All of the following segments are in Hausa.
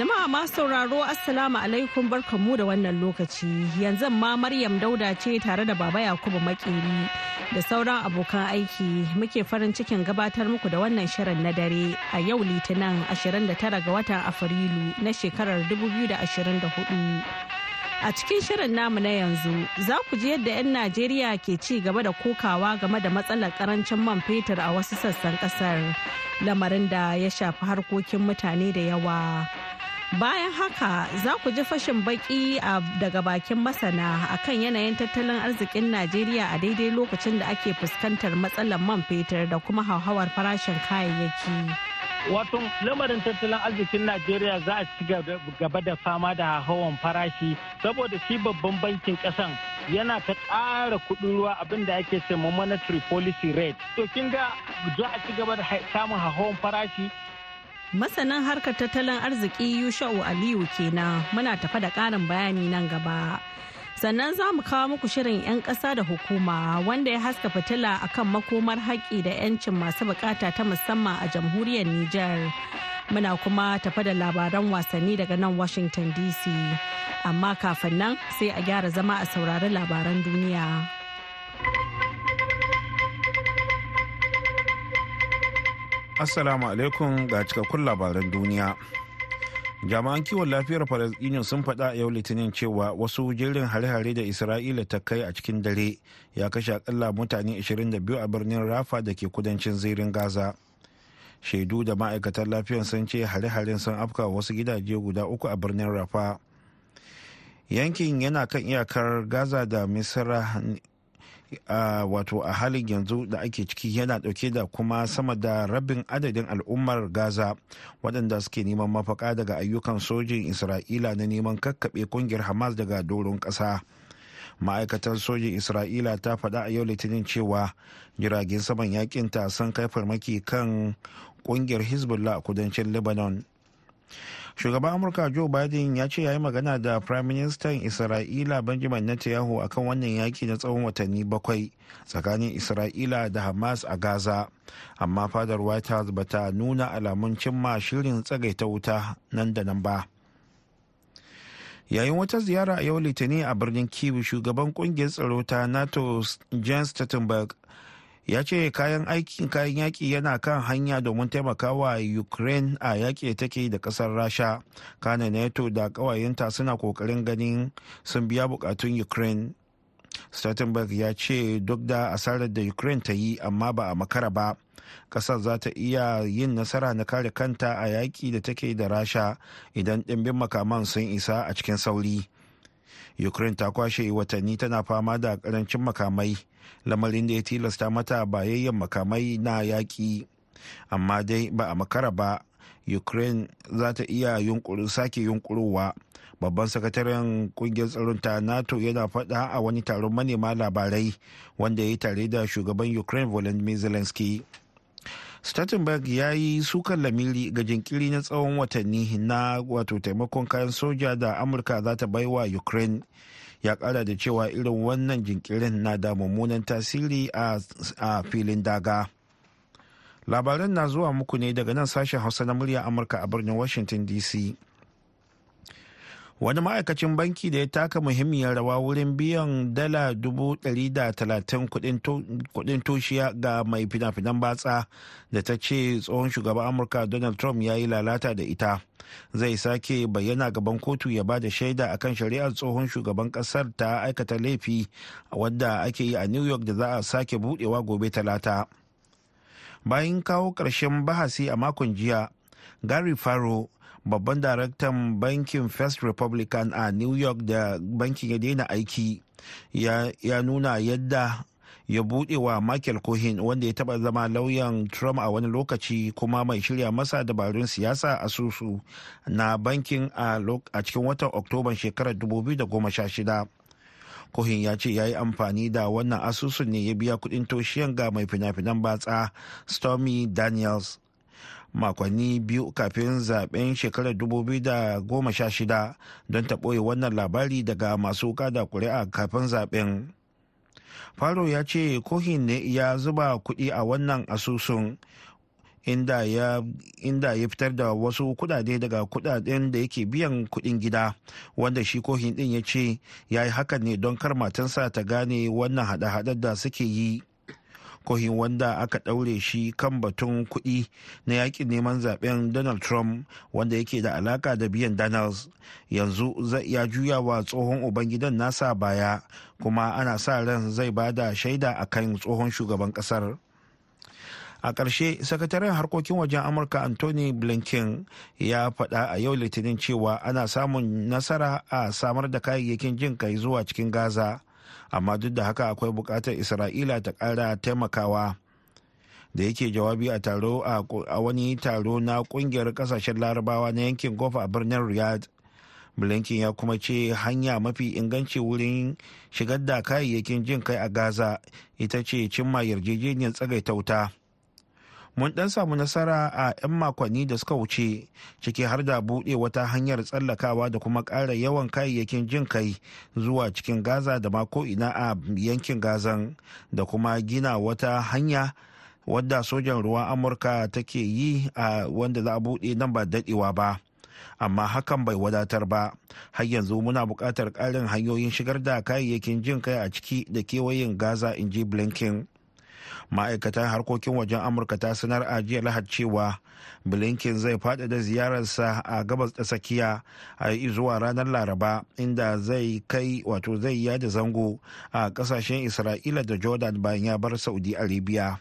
Jama'a ma sauraro Assalamu alaikum barkamu da wannan lokaci. Yanzu ma Maryam Dauda ce tare da Baba Yakubu Makeri da sauran abokan aiki muke farin cikin gabatar muku da wannan shirin na dare a yau Litinin 29 ga watan Afrilu na shekarar 2024. A cikin shirin namu na yanzu za ku ji yadda 'yan Najeriya ke ci gaba da kokawa game da matsalar karancin man fetur a wasu sassan kasar lamarin da ya shafi harkokin mutane da yawa. Bayan haka za ku ji fashin baki daga bakin masana akan yanayin tattalin arzikin Najeriya a daidai lokacin da ake fuskantar matsalar man fetur da kuma hauhawar farashin kayayyaki. Wato lamarin tattalin arzikin Najeriya za a ci gaba da fama da hawan farashi saboda shi babban bankin kasan yana ta ƙara kudin ruwa abin da ake ce monetary policy rate. To kin ga za a ci gaba da samun hawan farashi Masanin harkar tattalin arziki Yusha'u Aliyu kenan muna tafa da ƙarin bayani nan gaba. Sannan za mu kawo muku shirin 'yan ƙasa da hukuma wanda ya haska fitila akan makomar haƙƙi da 'yancin masu bukata ta musamman a jamhuriyar Nijar. Muna kuma tafa da labaran wasanni daga nan Washington DC. Amma kafin nan sai a gyara zama a saurari labaran duniya. Assalamu alaikum ga cikakkun labaran duniya. Jami'an kiwon lafiyar Falasɗinu sun faɗa a yau Litinin cewa wasu jirin hare-hare da Isra'ila ta kai a cikin dare ya kashe akalla mutane 22 a birnin Rafa da ke kudancin zirin Gaza. Shaidu da ma'aikatan lafiyar sun ce hare-haren sun afka wasu gidaje guda uku a birnin Rafa. yankin yana kan iyakar gaza da misra wato a halin yanzu da ake ciki yana dauke da kuma sama da rabin adadin al'ummar gaza waɗanda suke neman mafaka daga ayyukan sojin isra'ila na neman kakkaɓe kungiyar hamas daga doron ƙasa ma'aikatan sojin isra'ila ta faɗa a yau litinin cewa jiragen saman yakin ta sun kai farmaki kan kungiyar hezbollah a kudancin lebanon shugaban amurka joe biden ya ce ya yi magana da prime minister isra'ila benjamin netanyahu akan wannan yaki na tsawon watanni bakwai tsakanin isra'ila da hamas a gaza amma fadar white house ba ta nuna alamun cimma shirin tsagaita wuta nan da nan ba yayin wata ziyara a yau litinin a birnin kiev shugaban kungiyar tsaro ta nato jens stoltenberg ya ce kayan aikin kayan yaki yana kan hanya domin taimakawa ukraine a yaƙi take da ƙasar rasha kana nato da ƙawayenta suna ƙoƙarin ganin sun biya buƙatun ukraine stoltenberg ya ce duk da asarar da ukraine ta yi amma ba a makara ba ƙasar za ta iya yin nasara na kare kanta a yaƙi da take da rasha idan ɗimbin makaman sun isa a cikin sauri ukraine ta kwashe watanni tana fama da ƙarancin makamai lamarin da ya tilasta mata bayayyan makamai na yaƙi amma dai ba a makara ba ukraine za ta iya yunkuru sake yunkurowa babban sakataren kungiyar tsaron ta nato yana faɗa a wani taron manema labarai wanda ya yi tare da shugaban ukraine volodymyr zelensky Stoltenberg ya yi sukan lamiri ga jinkiri na tsawon watanni na wato taimakon kayan soja da Amurka za ta bai wa Ukraine ya kara da cewa irin wannan jinkirin na da mummunan tasiri a filin daga labaran na zuwa muku ne daga nan sashen hausa na murya amurka a birnin washington dc wani ma'aikacin banki da ya taka muhimmiyar rawa wurin biyan dala 130 kudin toshiya ga mai fina-finan batsa da ta ce tsohon shugaban amurka donald trump ya yi lalata da ita zai sake bayyana gaban kotu ya ba da shaida a kan shari'ar tsohon shugaban kasar ta aikata laifi wadda ake yi a new york da za a sake budewa gobe talata bayan kawo ƙarshen bahasi a makon jiya gary faro babban daraktan bankin first republican a new york da bankin ya daina aiki ya, nuna yadda ya buɗe wa michael cohen wanda ya taɓa zama lauyan trump a wani lokaci kuma mai shirya masa dabarun siyasa a susu na bankin a cikin watan oktoban shekarar 2016 kohin ya ce ya yi amfani da wannan asusun ne ya biya kudin toshiyan ga mai fina-finan batsa Stormy Daniels makonni biyu kafin zaben shekarar 2016 don ta ɓoye wannan labari daga masu kada kuri'a kafin zaben faro ya ce kohin ne ya zuba kuɗi a wannan asusun inda ya fitar da wasu kudade daga kudaden da yake biyan kudin gida wanda shi kohin din ya ce ya yi hakan ne don kar matansa ta gane wannan hada-hadar da suke yi kohin wanda aka ɗaure shi kan batun kuɗi na yakin neman zaben donald trump wanda yake da alaka da biyan donalds yanzu ya juya wa tsohon ubangidan nasa baya kuma ana sa ran zai ba da shaida a kan tsohon shugaban ƙasar a ƙarshe sakataren harkokin wajen amurka anthony blinken ya faɗa a yau litinin cewa ana samun nasara a samar da kayayyakin jin kai zuwa cikin gaza amma duk da haka akwai buƙatar isra'ila ta ƙara taimakawa da yake jawabi a taro a wani taro na kungiyar kasashen larabawa na yankin gofa a birnin riyadh blinken ya kuma ce hanya mafi inganci wurin shigar da kayayyakin jin kai a gaza ita ce cimma yarjejeniyar tsagaitauta mun dan samu nasara a 'yan makonni da suka wuce ciki har da buɗe wata hanyar tsallakawa da kuma ƙara yawan kayayyakin jin kai zuwa cikin gaza da ma ko ina a yankin gazan da kuma gina wata hanya wadda sojan ruwan amurka take yi a wanda za a buɗe nan ba daɗewa ba amma hakan bai wadatar ba har yanzu muna buƙatar ƙarin hanyoyin shigar da kayayyakin jin kai a ciki da kewayen gaza in ji blinken ma'aikatan harkokin wajen amurka ta sanar a jiya lahad cewa blinken zai faɗaɗa ziyararsa a gabas ta tsakiya a zuwa ranar laraba inda zai kai wato zai yada zango a ƙasashen isra'ila da jordan bayan ya bar saudi arabia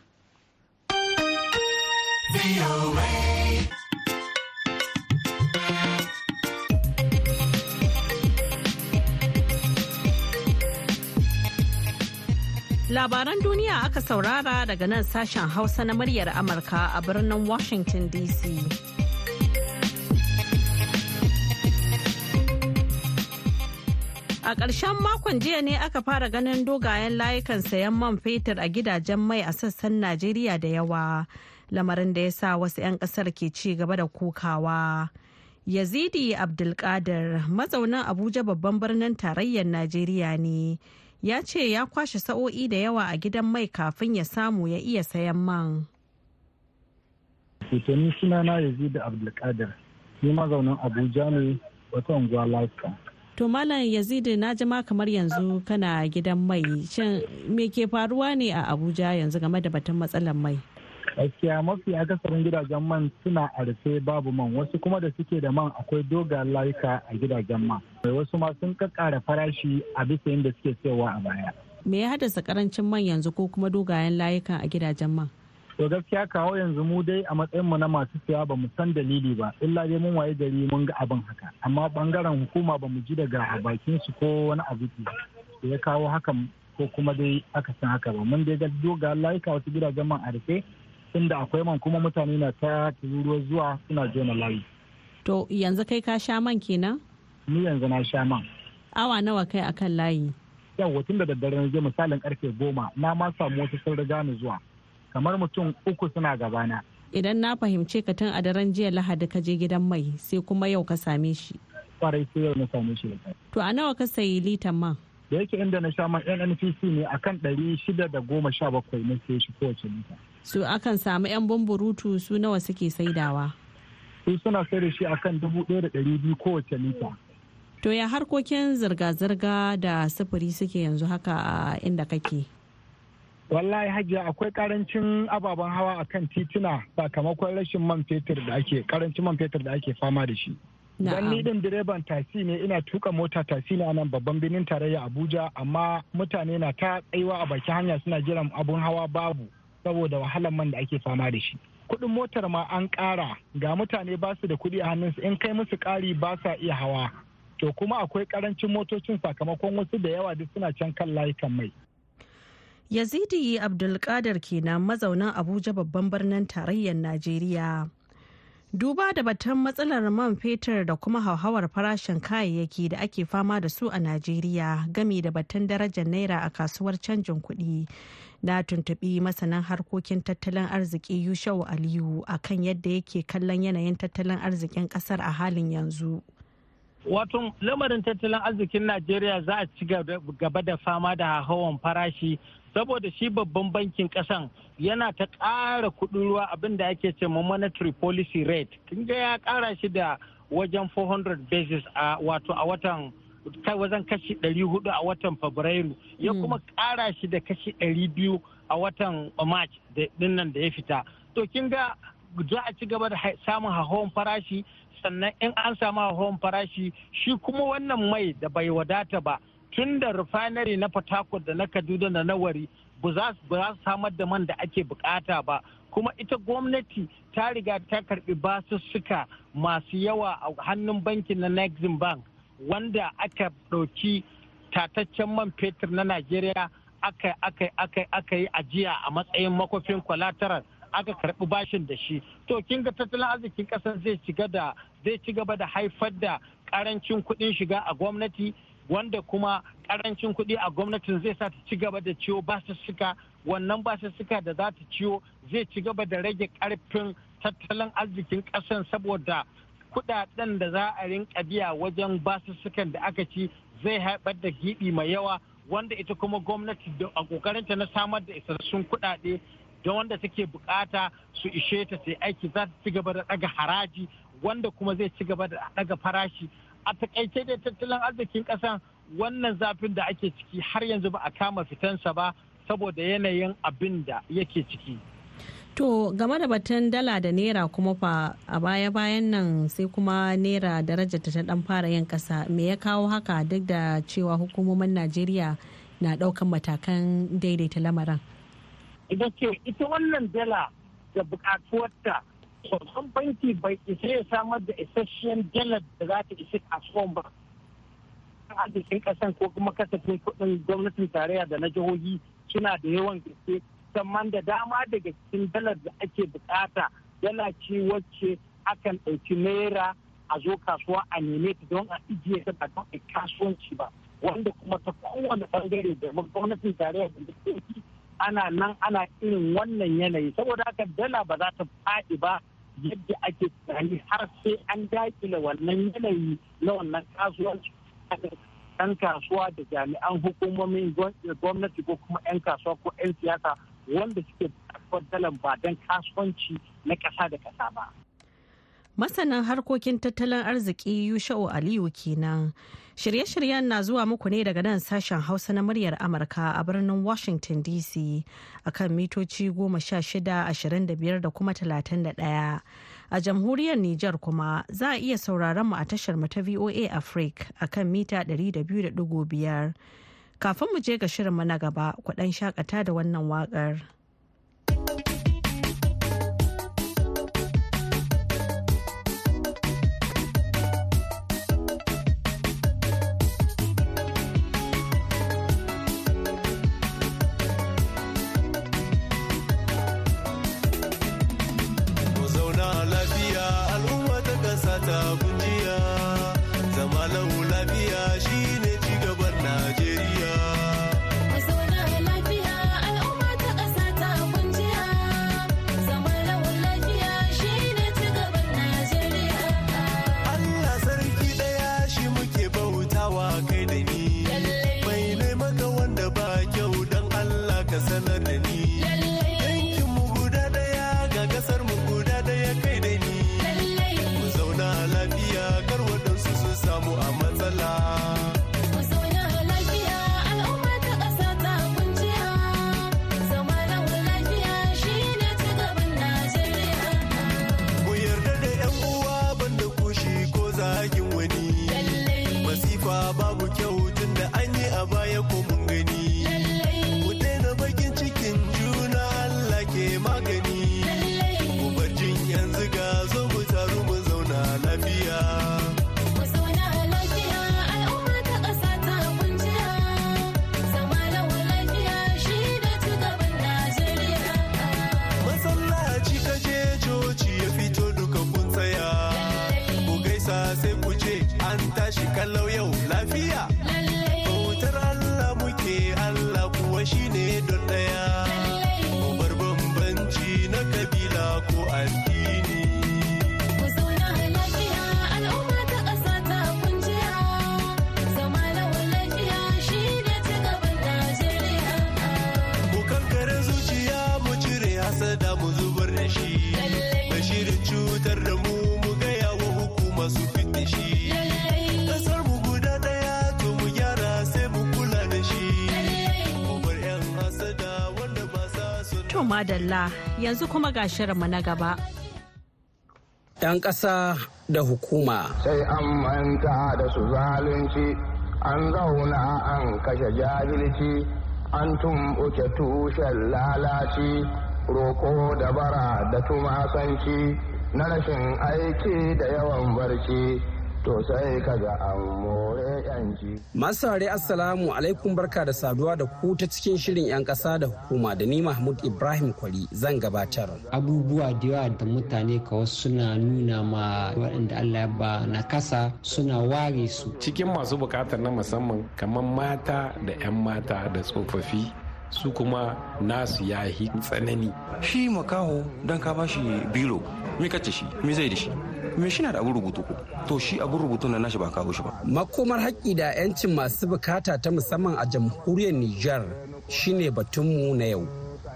Labaran duniya aka saurara daga nan sashen Hausa na muryar Amurka a birnin Washington DC. A ƙarshen makon jiya ne aka fara ganin dogayen layukan sayan man fetur a gidajen mai a sassan Najeriya da yawa. lamarin da ya sa wasu 'yan ƙasar ke ci gaba da kokawa. Yazidi Abdulkadir mazaunin Abuja babban birnin tarayyar Najeriya ne ya ce ya kwashe sa'o'i da yawa a gidan mai kafin ya samu ya iya sayan man. Tutoni sunana da Abdulkadir, ni mazaunin Abuja ne wata unguwa Lafka. To Malam yazidu na jima kamar yanzu kana gidan mai, shin me ke faruwa ne a Abuja yanzu game da batun matsalar mai? gaskiya mafi akasarin gidajen man suna a rufe babu man wasu kuma da suke da man akwai dogayen layuka a gidajen man mai wasu ma sun kakkara farashi a bisa yadda suke sayarwa a baya me ya haddasa karancin man yanzu ko kuma dogayen layuka a gidajen man to gaskiya kawo yanzu mu dai a matsayin mu na masu siya ba mu san dalili ba illa dai mun waye gari mun ga abin haka amma bangaren hukuma ba mu ji daga bakin su ko wani abu da ya kawo hakan ko kuma dai aka san haka ba mun dai ga dogayen layuka wasu gidajen man a rufe inda akwai man kuma mutane na ta tururuwa zuwa suna jona layi. To yanzu kai ka sha man kenan? Ni yanzu na sha man. Awa nawa kai akan layi? Yawwa tun da daddare na je misalin karfe goma na ma samu wasu sun riga ni zuwa. Kamar mutum uku suna gabana. Idan na fahimce ka tun a daren jiya Lahadi ka je gidan mai sai kuma yau ka same shi. Kwarai sai yau na same shi To a nawa ka sayi litan man? Da yake inda na sha man NNPC ne akan ɗari shida da goma sha bakwai na sai shi kowace lita. su akan samu 'yan bumburutu su nawa suke saidawa su suna sai da shi akan dubu ɗaya da ɗari biyu kowace lita to ya harkokin zirga-zirga da sufuri suke yanzu haka a inda kake wallahi hajji akwai karancin ababen hawa a kan tituna sakamakon rashin man fetur da ake karancin man fetur da ake fama da shi Dan ni din direban tasi ne ina tuka mota tasi ne nan babban birnin tarayya Abuja amma mutane na ta tsayuwa a bakin hanya suna jiran abun hawa babu. saboda wahalar man da ake fama da shi kuɗin motar ma an ƙara ga mutane ba su da kuɗi a hannunsu in kai musu ƙari ba sa iya hawa to kuma akwai ƙarancin motocin sakamakon wasu da yawa duk suna can kan layukan mai yazidi abdulkadir kenan mazaunin abuja babban birnin tarayyar najeriya duba da batun matsalar man fetur da kuma hauhawar farashin kayayyaki da ake fama da su a najeriya gami da batun darajar naira a kasuwar canjin kuɗi na tuntubi masanan harkokin tattalin arziki yushau aliyu akan yadda yake kallon yanayin tattalin arzikin kasar a halin yanzu wato lamarin tattalin arzikin najeriya za a ci gaba da fama da hawan farashi saboda shi babban bankin kasan yana ta ƙara kudin ruwa abinda ake ce ma monetary policy rate Kinga ya ƙara shi da wajen 400 basis a wato a watan ta wajen kashi 400 a watan fabrairu ya hmm. kuma kara shi da kashi 200 a watan march din da ya fita to kin ga za a ci gaba da samun hahon farashi sannan in an samu hahon farashi shi kuma wannan mai da bai wadata ba tun da refinery na fatakur da na Kaduna da na Wari ba za su samar da man da ake bukata ba kuma ita gwamnati ta riga ta karbi basussuka masu yawa a hannun bankin na Nexim Bank wanda aka ɗauki tataccen man fetur na Najeriya aka aka aka aka ajiya a matsayin makofin collateral aka karbi bashin da shi to kin ga tattalin arzikin ƙasar zai ci da gaba da haifar da karancin kuɗin shiga a gwamnati wanda kuma karancin kuɗi a gwamnatin zai sa ta ci gaba da ciwo basussuka wannan basussuka da za ta ciwo zai ci gaba da rage karfin tattalin arzikin ƙasar saboda kudaden da za a rinka biya wajen basussukan da aka ci zai haifar da giɓi mai yawa wanda ita kuma gwamnati da a ta na samar da isassun kudade da wanda take bukata su ishe ta sai aiki za ta ci gaba da daga haraji wanda kuma zai ci gaba da daga farashi a takaice da tattalin arzikin kasan wannan zafin da ake ciki har yanzu ba a kama fitansa ba saboda yanayin abin da yake ciki. To game da batun dala da naira kuma fa a baya-bayan nan sai kuma naira darajarta ta dan fara yin kasa me ya kawo haka duk da cewa hukumomin Najeriya na daukan matakan daidaita lamarin. Ita ce ita wannan dala da bukatuwarta babban banki bai isa ya samar da isasshen dalar da za ta isa kasuwan ba. Arzikin kasan ko kuma kasafin kudin gwamnatin tarayya da na jihohi suna da yawan gaske musamman da dama daga cikin dalar da ake bukata dala ce wacce akan ɗauki naira a zo kasuwa a neme ta don a ijiye ta ba don a kasuwanci ba wanda kuma ta kowane bangare da gwamnatin tarayya da gwamnati ana nan ana irin wannan yanayi saboda haka dala ba za ta faɗi ba yadda ake tunani har sai an dakile wannan yanayi na wannan kasuwanci ɗan kasuwa da jami'an hukumomin gwamnati ko kuma 'yan kasuwa ko 'yan siyasa wanda suke karɓar ba don kasuwanci na ƙasa da ƙasa ba. Masanin harkokin tattalin arziki Yusha'u Aliyu kenan. Shirye-shiryen na zuwa muku ne daga nan sashen Hausa na muryar Amurka a birnin Washington DC akan mitoci goma sha shida ashirin da biyar da kuma talatin da ɗaya. A jamhuriyar Nijar kuma za a iya sauraron mu a tashar mu ta VOA Africa akan mita ɗari da biyar. Kafin mu je ga shirinmu na gaba, ku ɗan shakata da wannan waƙar. Hello, madalla yanzu kuma ga shirinmu na gaba. 'Yan ƙasa da hukuma. Sai an manta da su zalunci, an zauna an kashe jahilci, an tumɓuke tushen lalaci, roƙo da bara da tumasanci, na rashin aiki da yawan barci. to sai ka ga an more Masu saurare Assalamu alaikum barka da saduwa da ku ta cikin shirin 'yan ƙasa da hukuma da ni Mahmud Ibrahim Kwari zan gabatar. Abubuwa da yawa da mutane kawai suna nuna ma waɗanda Allah ba na kasa suna ware su. Cikin masu bukatar na musamman kamar mata da 'yan mata da tsofaffi su kuma nasu yahi tsanani. Shi makaho don ka bashi biro, me kace shi, me zai da shi? me shi da abin rubutu to shi abin rubutu na nashi ba kawo shi ba makomar haƙƙi da 'yancin masu bukata ta musamman a jamhuriyar Nijar shine batunmu na yau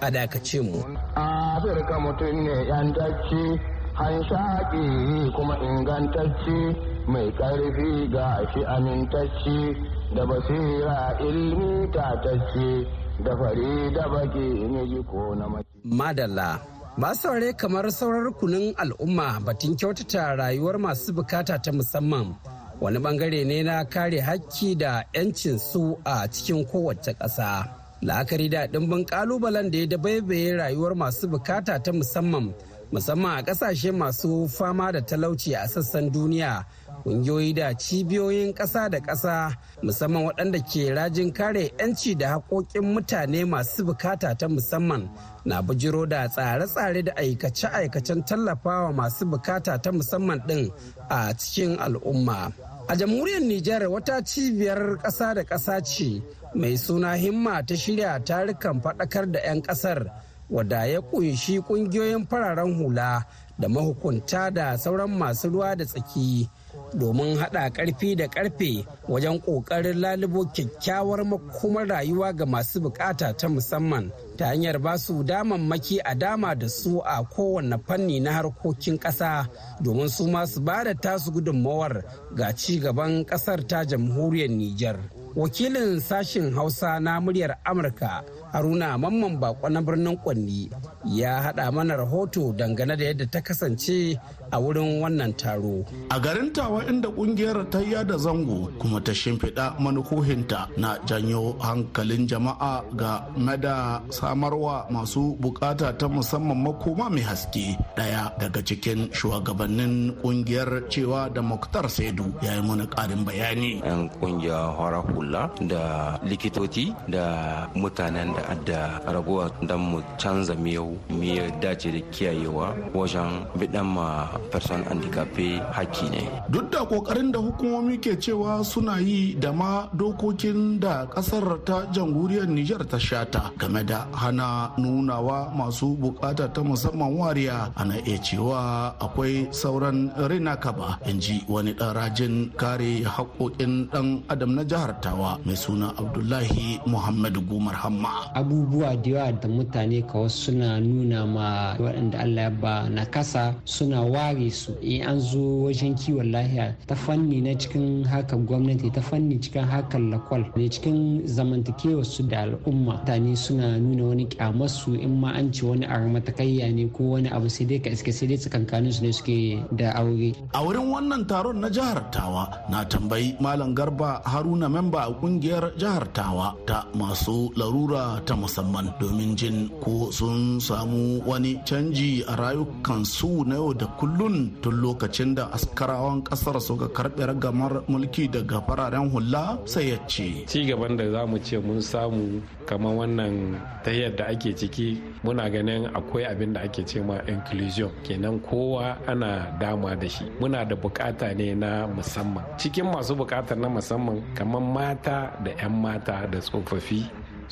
a dakace mu afirka mutum ne yantacci hanshaƙi kuma ingantacce mai ƙarfi ga shi amintacce da basira ilmi tatacce da fari da baki ne ko na madalla masu saurare kamar saurar kunun al'umma batun kyautata rayuwar masu bukata ta musamman wani bangare ne na kare hakki da 'yancin su a cikin kowace ƙasa la'akari da ɗimbin kalubalen da ya dabaibaye rayuwar masu bukata ta musamman musamman a ƙasashe masu fama da talauci a sassan duniya kungiyoyi da cibiyoyin ƙasa da ƙasa musamman waɗanda ke rajin kare 'yanci da haƙoƙin mutane masu bukata ta musamman na bujiro da tsare-tsare da aikace-aikacen tallafawa masu bukata ta musamman ɗin a cikin al'umma. A jamhuriyar Nijar wata cibiyar ƙasa da ƙasa ce mai suna himma ta shirya tarukan faɗakar da 'yan ƙasar wadda ya ƙunshi ƙungiyoyin fararen hula da mahukunta da sauran masu ruwa da tsaki. domin haɗa ƙarfi da ƙarfe wajen ƙoƙarin lalubo kyakkyawar makomar rayuwa ga masu bukata ta musamman ta hanyar ba su damammaki a dama da su a kowane fanni na harkokin ƙasa domin su masu ba da tasu gudunmawar ga ci gaban ƙasar ta jamhuriyar Nijar. Wakilin sashen Hausa na muryar Amurka Haruna Mamman Bako na birnin Kwanni ya haɗa mana rahoto dangane da yadda ta kasance a wurin wannan taro. A garin tawa inda kungiyar ta da zango kuma ta shimfiɗa manuhohinta na janyo hankalin jama'a ga mada samarwa masu bukata ta musamman makoma mai haske. ɗaya daga cikin shugabannin kungiyar cewa da Muktar Saidu ya yi mana ƙarin bayani. Yan kungiyar hora hula da likitoci da mutanen da adda raguwa don mu canza miyau miyar dace da kiyayewa wajen bidan ma person handicapé haki ne duk da ƙoƙarin da hukumomi ke cewa suna yi da ma dokokin da ƙasar ta jamhuriyar Nijar ta shata game da hana nunawa masu bukata ta musamman wariya ana iya cewa akwai sauran rina kaba in ji wani ɗan rajin kare haƙoƙin ɗan adam na jihar tawa mai suna abdullahi muhammadu gumar hamma abubuwa da yawa da mutane kawai suna nuna ma waɗanda allah ya ba na kasa suna wa kare su in eh, an zo wajen kiwon lahiya ta fanni na cikin hakan gwamnati ta fanni cikin hakan lakwal ne cikin zamantakewar su da al'umma mutane suna nuna wani kyamar su in ma an ci wani matakayya ne ko wani abu sai dai ka iske sai dai tsakankanin su ne suke da aure a wurin wannan taron na jihar tawa na tambayi malam garba haruna memba a kungiyar jihar tawa ta masu larura ta musamman domin jin ko sun samu wani canji a rayukansu na yau da kullum kullun tun lokacin da askarawan kasar suka karɓi ragamar mulki daga fararen hula sai ya ce ci gaban da za mu ce mun samu kamar wannan ta da ake ciki muna ganin akwai abin da ake ce ma inclusion kenan kowa ana dama da shi muna da bukata ne na musamman cikin masu bukatar na musamman kamar mata da 'yan mata da tsofaffi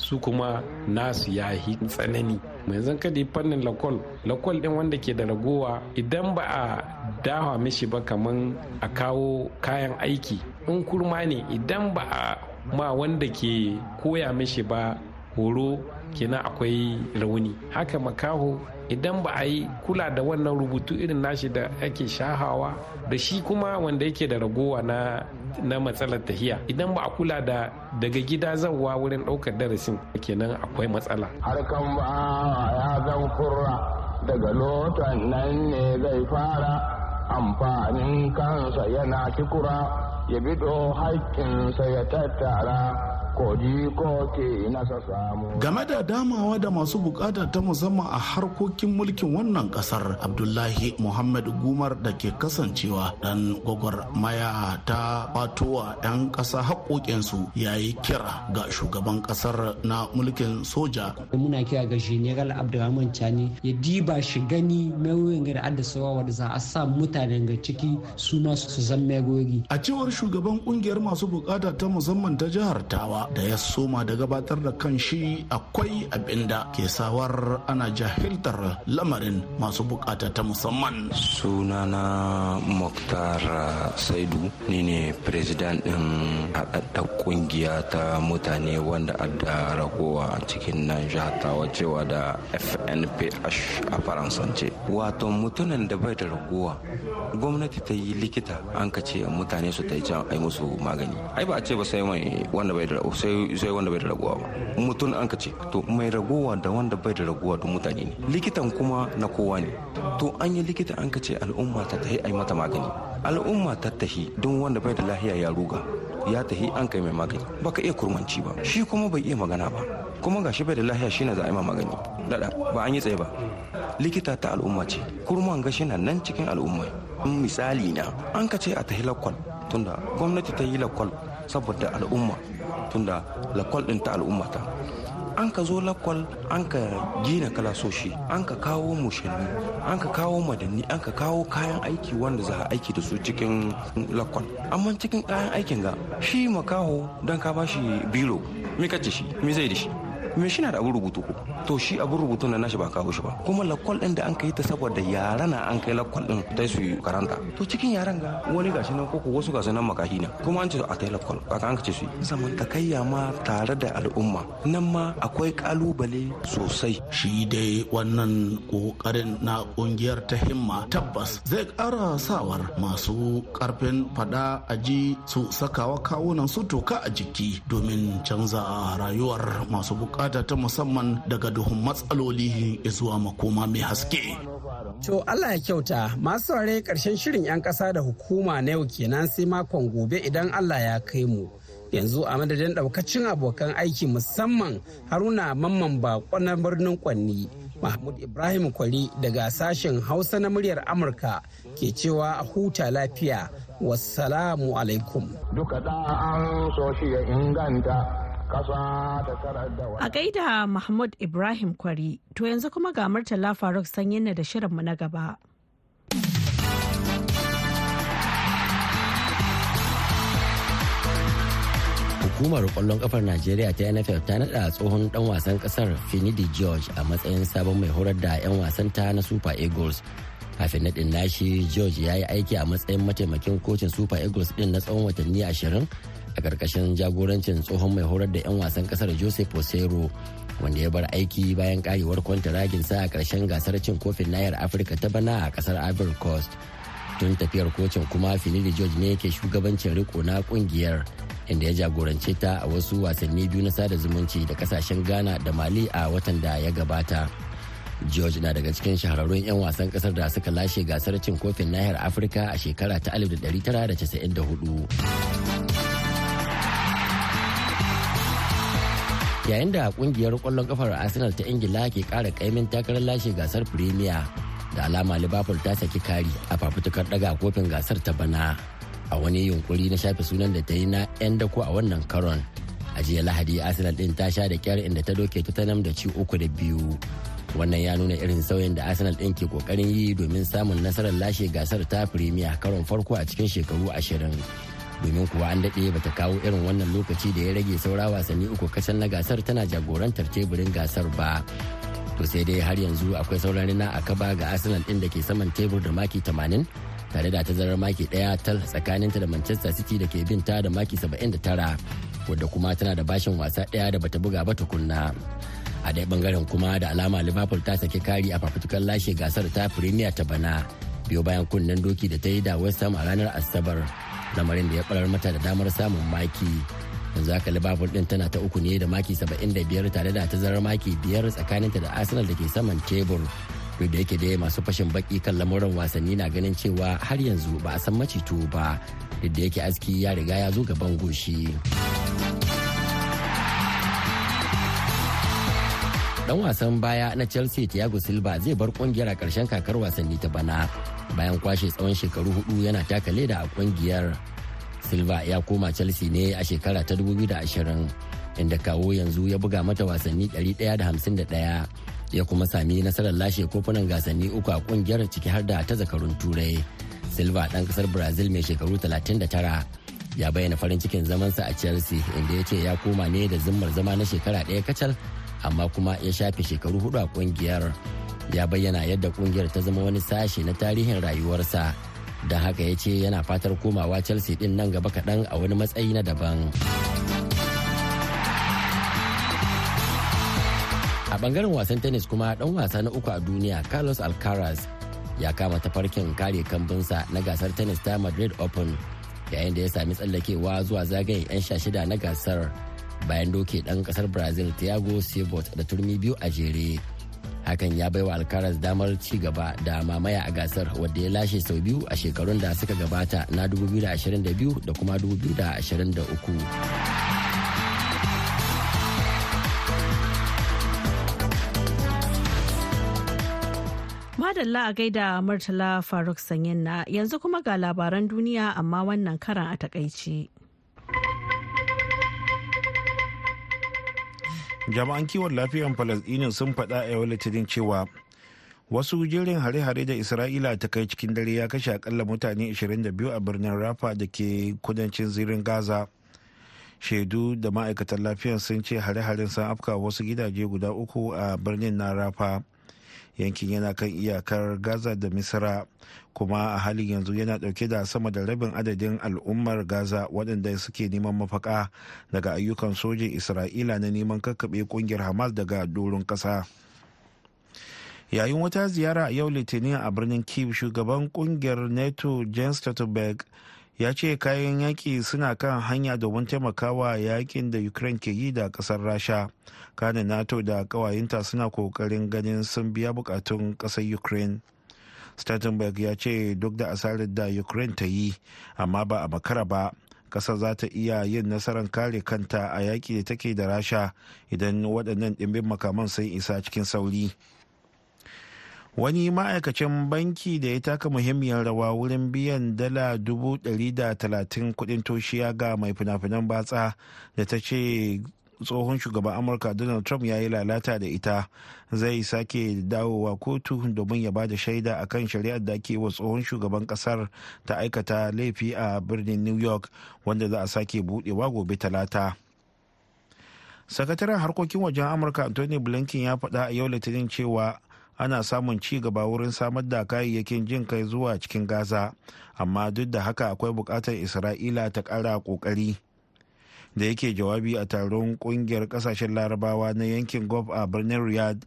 su kuma nasu ya yi tsanani zan kada yi fannin lakol lakol din wanda ke da ragowa idan ba a dawa mishi ba kaman a kawo kayan aiki in kurma ne idan ba a ma wanda ke koya mishi ba horo kenan akwai rauni haka makaho idan ba a yi kula da wannan rubutu irin nashi da ake shahawa da shi kuma wanda yake da ragowa na na matsalar tahiya idan ba a kula da daga gida zawa wurin ɗaukar darasin kenan akwai matsala harkan ba ya zan kurra daga lotan nan ne zai fara amfanin kansa yana kikura ya bido haƙƙinsa ya tattara Game da damawa da masu bukata ta musamman a harkokin mulkin wannan kasar Abdullahi Muhammad Gumar da ke kasancewa dan maya ta batowa 'yan kasa haƙoƙinsu ya yi kira ga shugaban kasar na mulkin soja. Muna kira ga General Abdulrahman Chani ya diba shi gani mawuyin ga da addasawa wadda za a sa mutane ga ciki su masu su zan A cewar shugaban kungiyar masu bukata ta musamman ta jihar Tawa da ya soma da gabatar da kan shi akwai abinda ke sawar ana jahiltar lamarin masu bukata ta musamman. Sunana Muktar uh, Saidu ni ne firizidan ɗin haɗaɗɗar ƙungiya ta mutane wanda adda ragowa cikin nan jihar cewa da FNPH a Faransance. wato mutunan da bai da raguwa gwamnati ta yi likita an ka ce mutane su ta yi can ai musu magani ai ba a ce ba sai mai wanda bai da sai wanda bai da raguwa ba mutun an ka ce to mai raguwa da wanda bai da raguwa duk mutane ne likitan kuma na kowa ne to an yi likita an ka ce al'umma ta tahi ai mata magani al'umma ta tahi don wanda bai da lahiya ya ruga ya tahi an kai mai magani baka iya kurmanci ba shi kuma bai iya magana ba kuma ga shi bai da lahiya shine za a yi magani dada ba an yi tsaye ba likita ta al'umma ce kurman gashi na nan cikin al'umma misali na an ka ce a tahi lakwal tunda gwamnati ta yi lakwal saboda al'umma tunda lakwal din ta al'umma ta an ka zo lakwal an ka gina kalasoshi an ka kawo mushanni an ka kawo madanni an ka kawo kayan aiki wanda za a aiki da su cikin lakwal amma cikin kayan aikin ga shi makaho don ka bashi biro me kace shi me zai da shi me shi na da abin rubutu ko to shi abin rubutun na nashi ba kawo shi ba kuma lakwal din da an kai ta saboda yara na an kai lakwal din dai su karanta to cikin yaran ga wani gashi nan koko wasu gashi nan makahi ne kuma an ce a kai lakwal ka an ce su ya ma tare da al'umma nan ma akwai kalubale sosai shi dai wannan kokarin na kungiyar ta himma tabbas zai kara sawar masu karfin fada aji su sakawa kawunan su toka a jiki domin canza rayuwar masu bukata ta musamman daga duhun matsaloli zuwa makoma mai haske. To Allah ya kyauta masu saurari karshen shirin 'yan ƙasa da hukuma na yau kenan sai makon gobe idan Allah ya kai mu. Yanzu a madadin ɗaukacin abokan aiki musamman haruna mamman bako na birnin kwanni. Mahmud Ibrahim Kwari daga sashen Hausa na muryar Amurka ke cewa a huta lafiya. Wassalamu alaikum. Duka da an so shi ya inganta A gaida Mahmud Ibrahim Kwari, to yanzu kuma ga Murtala Faruk sanyin da shirinmu na gaba. Hukumar kwallon kafar Najeriya ta NFL ta nada tsohon dan wasan kasar Finidi George a matsayin sabon mai horar da 'yan ta na Super Eagles. Kafin naɗin nashi George ya yi aiki a matsayin mataimakin kocin Super Eagles din na tsawon watanni ashirin. a ƙarƙashin jagorancin tsohon mai horar da 'yan wasan ƙasar joseph osero wanda ya bar aiki bayan karewar kwantaraginsa a ƙarshen gasar cin kofin nayar afirka ta bana a ƙasar ivory coast tun tafiyar kocin kuma finidi george ne yake shugabancin riko na kungiyar inda ya jagorance ta a wasu wasanni biyu na sada zumunci da kasashen ghana da mali a watan da ya gabata george na daga cikin shahararrun 'yan wasan ƙasar da suka lashe gasar cin kofin nahiyar afirka a shekara ta 1994 yayin da kungiyar kwallon kafar arsenal ta ingila ke kara kaimin takarar lashe gasar premier da alama liverpool ta saki kari a fafutukar daga kofin gasar ta bana a wani yunkuri na shafe sunan da ta yi na 'yan dako a wannan karon a jiya lahadi arsenal din ta sha da kyar inda ta doke tottenham da ci uku da biyu wannan ya nuna irin sauyin da arsenal din ke kokarin yi domin samun nasarar lashe gasar ta premier karon farko a cikin shekaru ashirin domin kuwa an daɗe bata kawo irin wannan lokaci da ya rage saura wasanni uku kasan na gasar tana jagorantar teburin gasar ba to sai dai har yanzu akwai sauran rina a kaba ga arsenal ɗin da ke saman tebur da maki 80 tare da tazarar maki ɗaya tal tsakaninta da manchester city da ke bin da maki 79 wadda kuma tana da bashin wasa ɗaya da bata buga ba tukunna a ɗaya bangaren kuma da alama liverpool ta saki kari a fafutukar lashe gasar ta premier ta bana biyo bayan kunnen doki da ta yi da west ham a ranar asabar lamarin da ya barar mata da damar samun maki yanzu haka liverpool din tana ta uku ne da maki 75 tare da tazarar maki biyar tsakaninta da arsenal da ke saman tebur duk da yake dai masu fashin baki kan lamuran wasanni na ganin cewa har yanzu ba a san macito ba duk da yake aski ya riga ya zo gaban goshi. dan wasan baya na chelsea thiago silva zai bar kungiyar a karshen kakar wasanni ta bana bayan kwashe tsawon shekaru hudu yana taka leda a kungiyar silva ya koma chelsea ne a shekara ta 2020 inda kawo yanzu ya buga mata wasanni 151 ya kuma sami nasarar lashe kofunan gasanni uku a kungiyar ciki har da ta zakarun turai silva dan kasar brazil mai shekaru 39 ya bayyana farin cikin zamansa a chelsea inda ya ce ya koma ne da zimmar zama na shekara ɗaya kacal amma kuma ya shafe shekaru hudu a kungiyar ya bayyana yadda kungiyar ta zama wani sashe na tarihin rayuwarsa don haka ya ce yana fatar komawa chelsea din nan gaba kaɗan a wani matsayi na daban a bangaren wasan tennis kuma dan wasa na uku a duniya carlos alcaraz ya kama ta farkin kare kambinsa na gasar tennis ta madrid open yayin da ya sami tsallakewa zuwa zagayen 'yan sha shida na gasar bayan doke dan kasar brazil thiago silva da turmi biyu a jere hakan ya baiwa alkaras damar ci gaba da mamaya a gasar wadda ya lashe sau biyu a shekarun da suka gabata na 2022 da kuma 2023 Madalla a gaida Murtala Faruk Sanyin na yanzu kuma ga labaran duniya amma wannan karan a takaici. jami'an kiwon lafiyan falasdinin sun faɗa a yau litinin cewa wasu jerin hare-hare da isra'ila ta kai cikin dare ya kashe akalla mutane 22 a birnin rafa da ke kudancin zirin gaza shaidu da ma'aikatan lafiyan sun ce hare-haren sun afka wasu gidaje guda uku a birnin na rafa yankin yana kan iyakar gaza da misra kuma a halin yanzu yana dauke da sama da rabin adadin al'ummar gaza waɗanda suke neman mafaka daga ayyukan sojin isra'ila na neman kakkaɓe ƙungiyar hamas daga doron ƙasa yayin wata ziyara a yau litinin a birnin kiev shugaban ƙungiyar nato jens stoltenberg ya ce kayan yaƙi suna kan hanya domin taimakawa yaƙin da ukraine ke yi da ƙasar rasha kanin nato da ƙawayenta suna ƙoƙarin ganin sun biya buƙatun ƙasar ukraine stoltenberg ya ce duk da asarar da ukraine ta yi amma ba a makara ba ƙasar za ta iya yin nasarar kare kanta a yaƙi da take da rasha idan waɗannan ɗimbin makaman sun isa cikin sauri. wani ma'aikacin banki da ya taka muhimmiyar rawa wurin biyan dala dubu da talatin kudin toshiya ga mai fina-finan batsa da ta ce tsohon shugaban amurka donald trump ya yi lalata da ita zai sake dawowa kotu domin ya ba da shaida a kan shari'ar da ke wa tsohon shugaban kasar ta aikata laifi a birnin new york wanda za a sake budewa gobe talata sakataren harkokin wajen amurka anthony blinken ya faɗa a yau litinin cewa ana samun ci gaba wurin samar da kayayyakin jin kai zuwa cikin gaza amma duk da haka akwai bukatar isra'ila ta kara kokari da yake jawabi a taron kungiyar kasashen larabawa na yankin gov a birnin riyad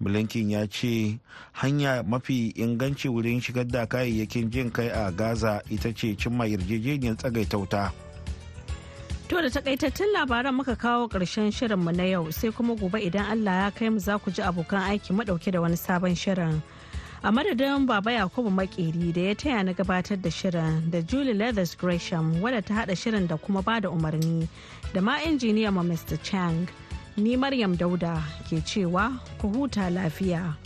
blinken ya ce hanya mafi inganci wurin shigar da kayayyakin jin kai a gaza ita ce cimma yarjejeniyar tsagaitauta To da takaitattun labaran muka kawo ƙarshen shirinmu na yau sai kuma gobe idan Allah ya kai mu za ku ji abokan aiki madauke da wani sabon shirin. A madadin Baba Yakubu Makeri da ya taya na gabatar da shirin da Julie Leathers Gresham wadda ta haɗa shirin da kuma bada umarni da ma injiniya ma Mr. Chang. Ni Maryam Dauda ke cewa ku huta lafiya.